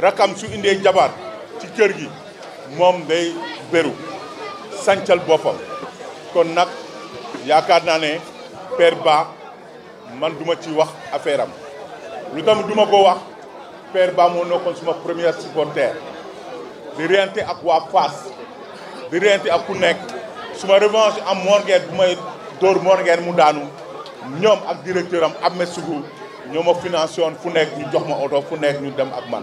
rakam su indee jabar ci kër gi moom day béru sancal boppam kon nag yaakaar naa ne père Ba man duma ci wax affaire am lu tamit duma ko wax père Ba moo nekkoon suma première supporter di reyante ak waa Fass di reyante ak ku nekk suma revanche am morguer bu may dóor morguer mu daanu ñoom ak directeur am Ahmed Sougou ñoo ma financé woon fu nekk ñu jox ma oto fu nekk ñu dem ak man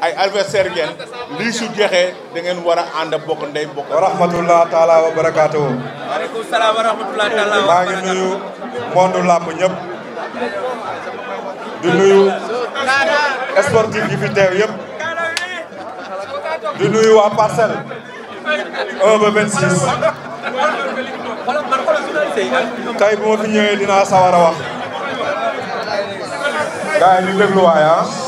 ay adversaire ngeen li su jexé da ngeen wara and ànd bokk ndey bokk. wa rahmatullah taala wa barakatuh wa alaykum salaam wa rahmatullah taala wa barakatuh maa ngi nuyu mondu làmb ñep di nuyu sportif yi fi tew yep di nuyu wa parcel 1 ba 26. tay bu ma fi ñëwé dina sawara wax. gars yi ñu déglu waay ah.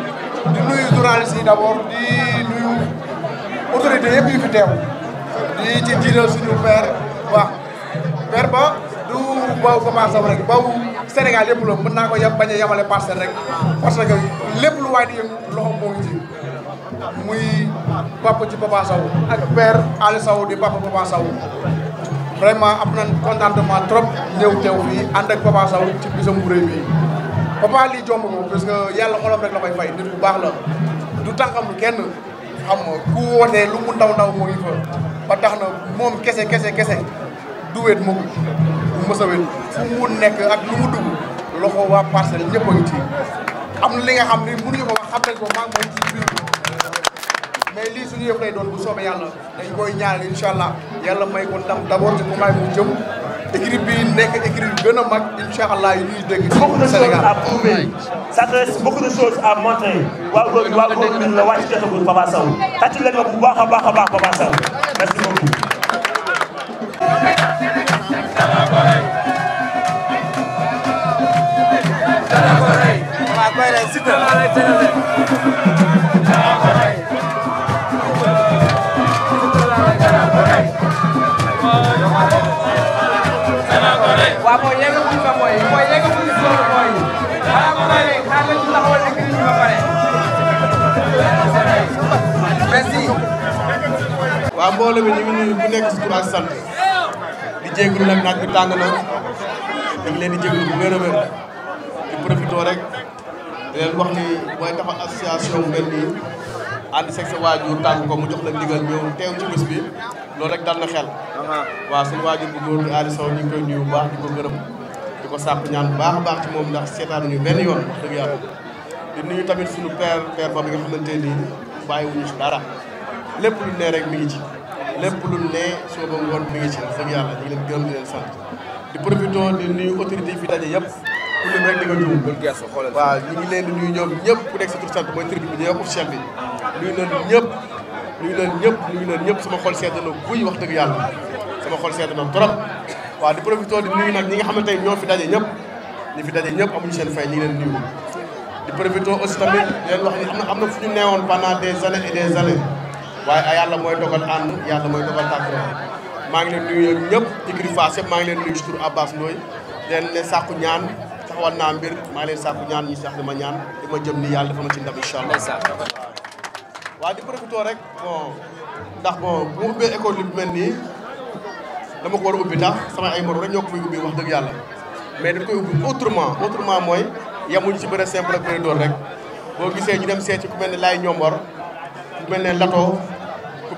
di nuyu journaliste yi d' abord di nuyu autorité yëpp yu fi teew di ci jiital suñu père wax père ba du baw commencé saw rek baw Sénégal yëpp la mën naa ko yem bañ a yemale parce que lépp lu waay di yëngu loxo ci muy papa ci papa ak père Ali Sow di papa papa vraiment am nañ contentement trop ñëw teew fii ànd ak papa Sow ci bu rëy bi papa lii jomb moom parce que yàlla xolam rek la koy fay nit bu baax la du tànkam kenn xam nga ku wootee lu mu ndaw ndaw moo ngi fa ba tax na moom kese kese kese du wéet mu du mës wéet fu mu nekk ak lu mu dugg loxo waa parcel ñëpp a ngi ci am na li nga xam ne mënuñu ko wax xam nañ ko maa moom ci biir mais lii suñu yëpp lay doon bu soobee yàlla dañ koy ñaanal incha allah yàlla may ko ndam d'abord ci combat mu jëm équipe bi nek équipe gën a mag inshallah yi ñuy dégg. beaucoup de choses à prouver ça te laisse beaucoup de choses à montrer. waaw góor waaw góor bi la wàcc jotagul Papa saw tàccu leen ma bu baax a baax a baax Papa saw merci beaucoup. mbooloo mi ñu ngi nuyu bu nekk si tur di jégalu nag bi tàng na ñu leen di jégalu bu wér rek wax ni booy taxaw association mel nii ànd seeg sa waajur tàng mu jox la ndigal ñëw teew bi loolu rek dal xel. waaw suñu waajur bu góor di Aliou ñu ngi koy nuyu bu baax di ko ko sàpp ñaan bu baax a baax moom ndax seetaanuñu benn yoon dëgg yàlla di tamit suñu père père ba bi nga xamante lépp lu ne rek mi ngi ci. lépp lu ne soo ba ngoon leen gërëm di leen sant yëpp ku lim rek di nga juum ñu ngi ñëpp ku nekk sa tur sant mooy tribune bi ñëw officiel ñëpp nuyu leen ñëpp nuyu leen ñëpp sama wax dëgg yàlla sama xol sedd na trop waaw di ñi nga xamante ne ñoo fi daje ñëpp ñi fi daje ñëpp amuñu seen fay ñu ngi leen nuyu di profité aussi waaye yàlla mooy dogal ànd yàlla mooy dogal tàggoo maa ngi leen ñëpp écurie Fass yëpp maa ngi leen nuyu si tur Abbas Ndoye leen ne sàkku ñaan taxawal naa mbir maa ngi leen sàkku ñaan ñu sax ma ñaan li ma jëm ni yàlla dafa ma ci ndam incha allah waaw di profité rek bon ndax bon bu ma ubbee école bi mel nii dama ko war a ubbi sama ay morom rek ñoo ko fay ubbi wax yàlla mais dañ koy ubbi autrement autrement mooy yemuñu si bëre simple ak bëre rek boo gisee ñu dem seeti ku mel ne Laye Ñombor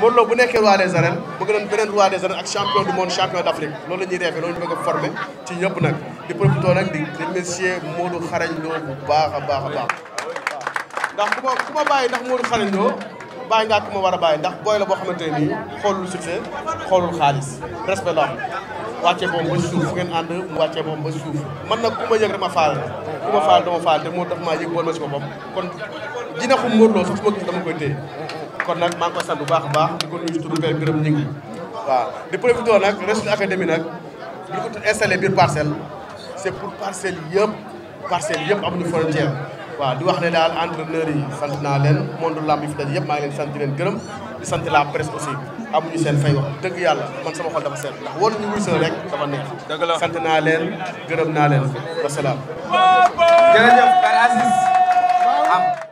Modou bu nekkee roi des arènes bëgg nañ beneen roi des arènes ak champion du monde champion d' Afrique loolu la ñuy loolu ñu bëgg a formé ci ñëpp nag di profité nag di remercier Modou xarañ Lo bu baax a baax a baax ndax ku ma ku ma bàyyi ndax Modou xarañ Lo bàyyi ngaa ku ma war a bàyyi ndax booy la boo xamante ne nii xoolul succès xoolul xaalis respect la am wàccee boobu ba suuf fu ngeen ànd wàccee boobu ba man nag ku ma yëg dama faal ma faal dama faal te moo ma si boppam kon dina xum Modou Lo sax su ma gis dama koy téye kon nak maa ko sant bu baax baax di ko nuyu turu benn gërëm ñing ngi waaw di profité nag Rachid académie nag bi ñu ko installer biir parcelle c'est pour parcelle yëpp parcelle yëpp amuñu frontière waaw di wax ne dal entraîneurs yi sant na len monde lamb yi fi daje yëpp ma ngi leen sant di leen gërëm di sant la presse aussi amuñu seen fay wax deug yalla man sama xol dafa seet ndax war ñu wuy seen rek dafa neex sant na len gërëm na naa leen wasalaam jërëjëf Karasis am